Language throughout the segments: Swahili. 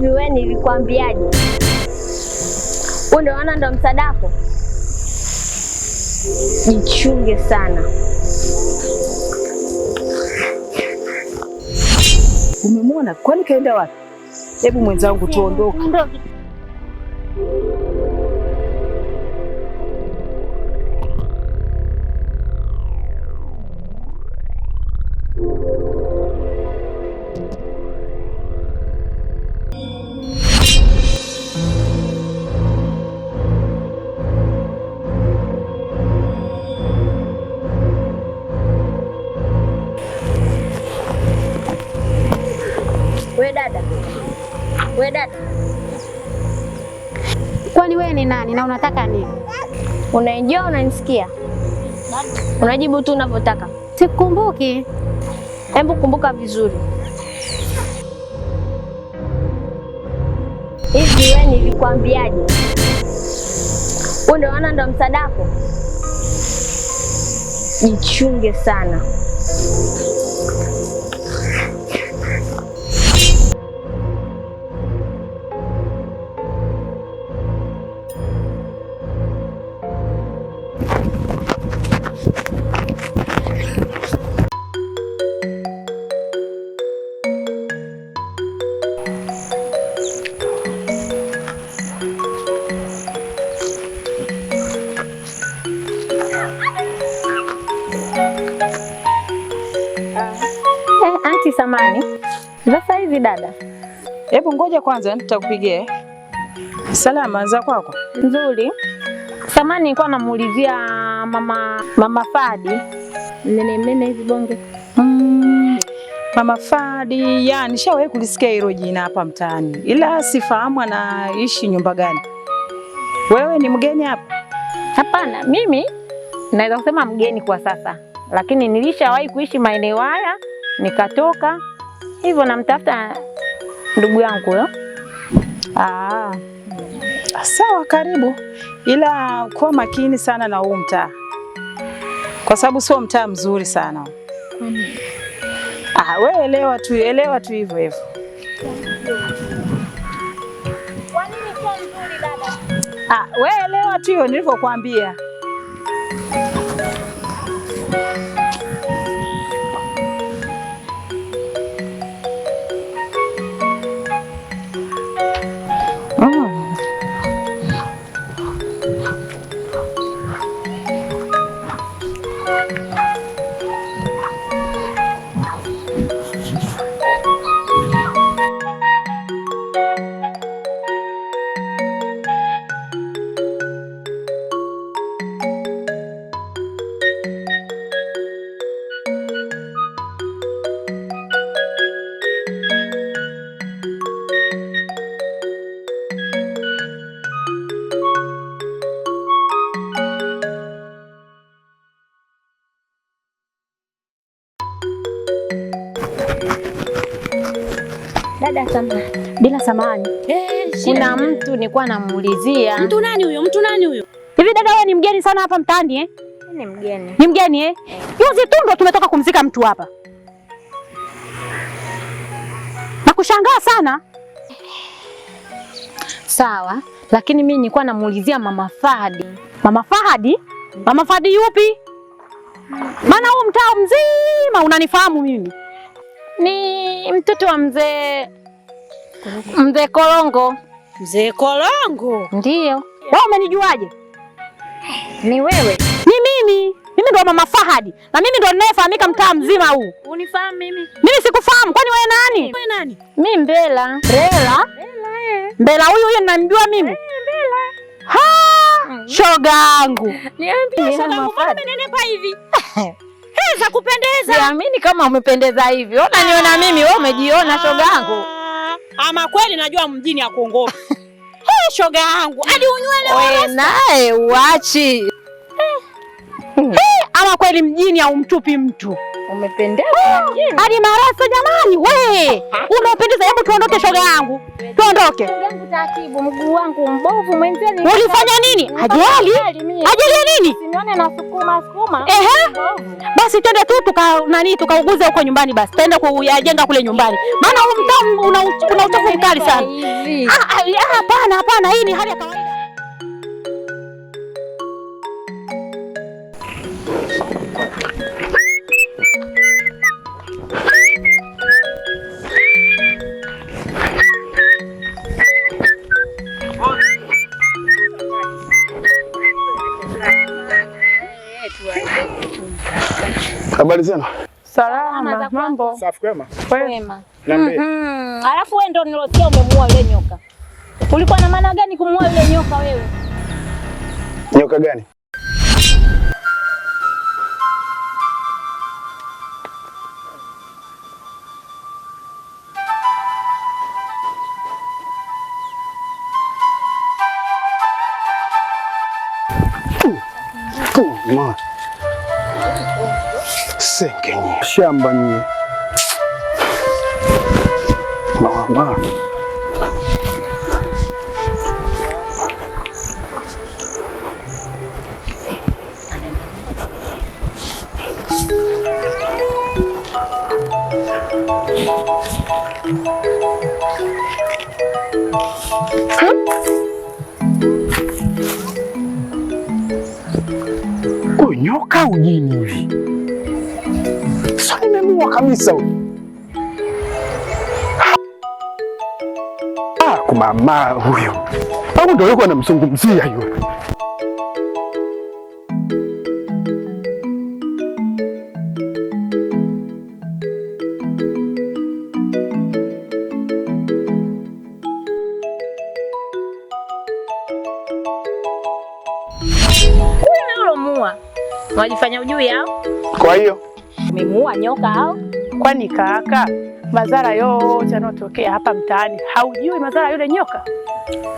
hivi wewe nilikwambiaje? Wewe unaona ndo msadako. Jichunge sana. Umemwona kwani kaenda wapi? Hebu mwenzangu tuondoke. We dada, kwani wewe ni nani na unataka nini? Unaijua, unanisikia? Unajibu tu unavyotaka. Sikumbuki. Hebu kumbuka vizuri. Hivi wewe nilikwambiaje? Ndo wana ndo msadako. Jichunge sana. Vipi dada? Hebu ngoja kwanza nitakupigia. Salama za kwako? Nzuri. Samani nilikuwa namuulizia mama mama Fadi Nene mnene hivi bonge. Mm, mama Fadi ya nishawahi kulisikia hilo jina hapa mtaani, ila sifahamu anaishi nyumba gani. Wewe ni mgeni hapa? Hapana, mimi naweza kusema mgeni kwa sasa, lakini nilishawahi kuishi maeneo haya nikatoka hivyo namtafuta ndugu yangu huyo. Eh? Ah. Sawa, karibu, ila kuwa makini sana na huu mtaa, kwa sababu sio mtaa mzuri sana. Ah, we elewa tu, elewa tu hivyo hivyo. Ah, we elewa tu hiyo nilivyokuambia. samahani. Bila samahani. Eh, kuna mtu nilikuwa namuulizia. Mtu nani huyo? Mtu nani huyo? Hivi dada wewe ni mgeni sana hapa mtaani eh? Ni mgeni. Ni mgeni eh? Juzi eh. tu ndo tumetoka kumzika mtu hapa. Nakushangaa sana. Sawa, lakini mimi nilikuwa namuulizia Mama Fahadi. Mama Fahadi? Mama Fahadi yupi? Maana huu mtaa mzima unanifahamu mimi. Ni mtoto wa mzee Mzee Kolongo. Mzee Kolongo? Ndiyo. Wewe umenijuaje? Ni wewe? Ni mimi. Mimi ndo Mama Fahadi na mimi ndo ninayefahamika mtaa mzima huu. Unifahamu mimi? Mimi sikufahamu. Kwani wewe nani? Wewe nani? Mimi Mbela. Mbela? Mbela eh. Mbela huyu huyu ninamjua mimi. Eh, Mbela. Ha! Shoga yangu. Niambie shoga yangu, mbona umenenepa hivi? Heza kupendeza. Siamini kama umependeza hivi. Ona niona mimi, wewe umejiona shoga yangu. Ama kweli najua mjini akuongopi. Hey, shoga yangu hadi unywele naye uachi. Hey. Eh. Hmm ama kweli mjini mtupi mtu. Umependeza hadi maraso jamani, we umependeza. Hebu tuondoke, shoga yangu, tuondoke. Taratibu, mguu wangu mbovu mwenzeni. Ulifanya nini? Ajali ajali ya nini? Sinione na sukuma sukuma. Ehe, basi twende tu tuka nani tukauguze huko nyumbani, basi twende kuyajenga kule nyumbani, maana huu mtaa una uchafu mkali sana. Ah, ah, ah, hapana, hapana, hii ni hali ya kawaida. Habari zenu. Salama. Mambo. Safi kwema. Kwema. Mhm. Niambie. Alafu wewe ndio nilotia umemua yule nyoka. Ulikuwa na maana gani kumuua yule nyoka wewe? Nyoka gani? ma sengenye shamba nye mama Huh? nyoka ujini hivi. So nimemua kabisa Ah, kumama huyo. Au ndio yuko anamzungumzia yule. Wajifanya ujui hao. Kwa hiyo umemuua nyoka hao? Kwani kaka, madhara yote yanayotokea hapa mtaani haujui madhara yule nyoka?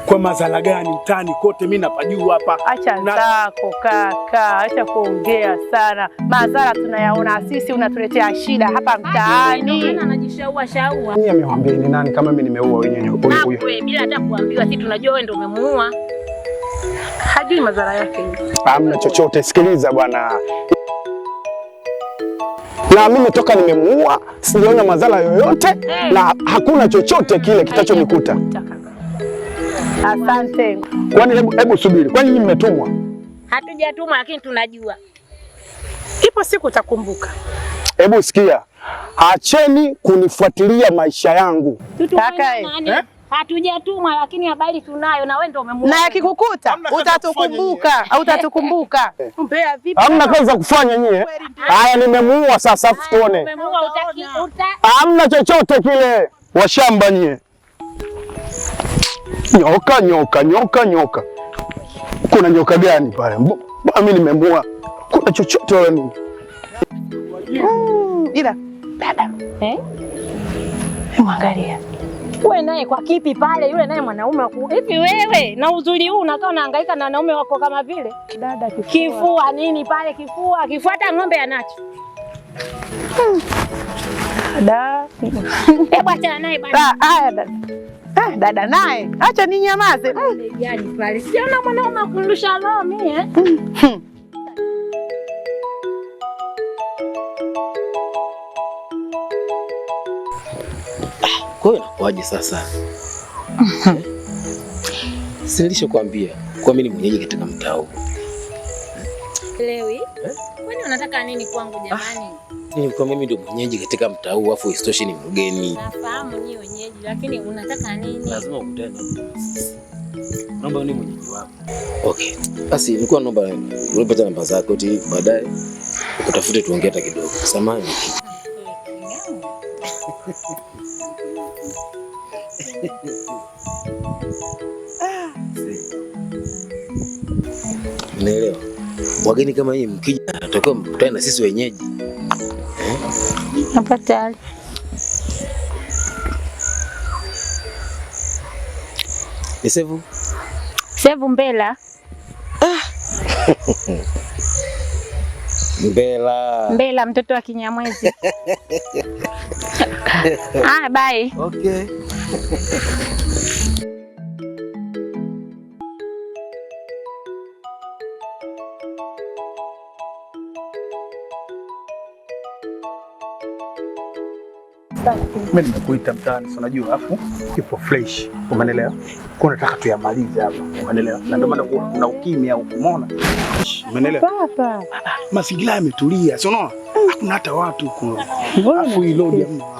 Kwa madhara gani? Mtaani kote mi napajua hapa. Acha zako kaka, acha kuongea sana. Madhara tunayaona sisi, unatuletea shida hapa mtaani. Anajishaua shaua. Mimi amewambia ni nani? Kama mimi nimeua wewe nyoka huyo. Bila hata kuambiwa, sisi tunajua wewe ndio umemuua hajui madhara yake. Hamna chochote. Sikiliza bwana, na mimi toka nimemuua sijaona madhara yoyote hey. Na hakuna chochote kile kitachonikuta. Asante. Kwani hebu hebu subiri, kwani mimi nimetumwa? Hatujatumwa, lakini tunajua ipo siku utakumbuka. Hebu sikia, acheni kunifuatilia maisha yangu Tutu kaka. Hatujatumwa lakini habari tunayo, na wewe ndio umemuona. Na yakikukuta utatukumbuka au utatukumbuka. Mbea vipi? Hamna kazi za kufanya nyie. Haya, nimemuua sasa, tuone. Hamna chochote kile, washamba nyie. Nyoka, nyoka, nyoka, nyoka. Kuna nyoka gani pale? Mimi nimemuua. Kuna chochote wewe nini? Ila dada, eh? Mwangalia. Uwe naye kwa kipi pale? Yule naye mwanaume hivi wewe, na uzuri huu unakaa unahangaika na wanaume wako kama vile dada, kifua, kifua nini pale, kifua kifua, ng'ombe anacho. Hmm. Hebu achana naye bwana. Ah, haya dada. Ah, dada naye acha ninyamaze. Yaani pale na mwanaume akundusha roho mimi hmm. eh. Hmm. Kwa hiyo inakuwaje sasa? Si nilishakwambia kwa mimi ni mwenyeji katika mtaa huu. Lewi, eh? Kwani unataka nini kwangu ah, jamani? Ni kwa mimi ndio mwenyeji katika mtaa huu afu isitoshe ni mgeni. Nafahamu ni wenyeji lakini unataka nini? Lazima ukutane. Naomba ni mwenyeji wako. Okay. Basi nilikuwa naomba unipatie namba zako ti baadaye ukatafute tuongee hata kidogo. Samahani. Eh, naelewa Wageni kama hii mkija natakiwa mkutane na sisi wenyeji. Hapa tayari. Ni Sevu. Sevu Mbela. Ah! Mbela. Mbela mtoto wa Kinyamwezi. Ah, bye. Okay. Mimi nimekuita mtaani, si unajua, alafu ipo fresh, umeelewa? Kwa unataka tuyamalize hapa, umeelewa? Na ndio maana kuna ukimya huko, umeona? Umeelewa? Papa. Mazingira yametulia, si unaona? Mm. Hakuna hata watu huko. Mbona hii load hamna.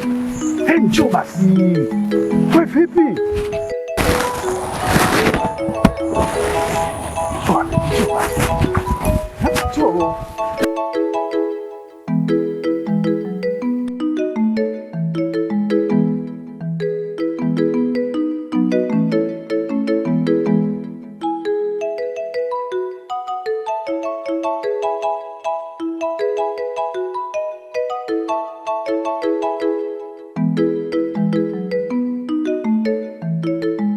Njoo basi. Wewe vipi? Njoo.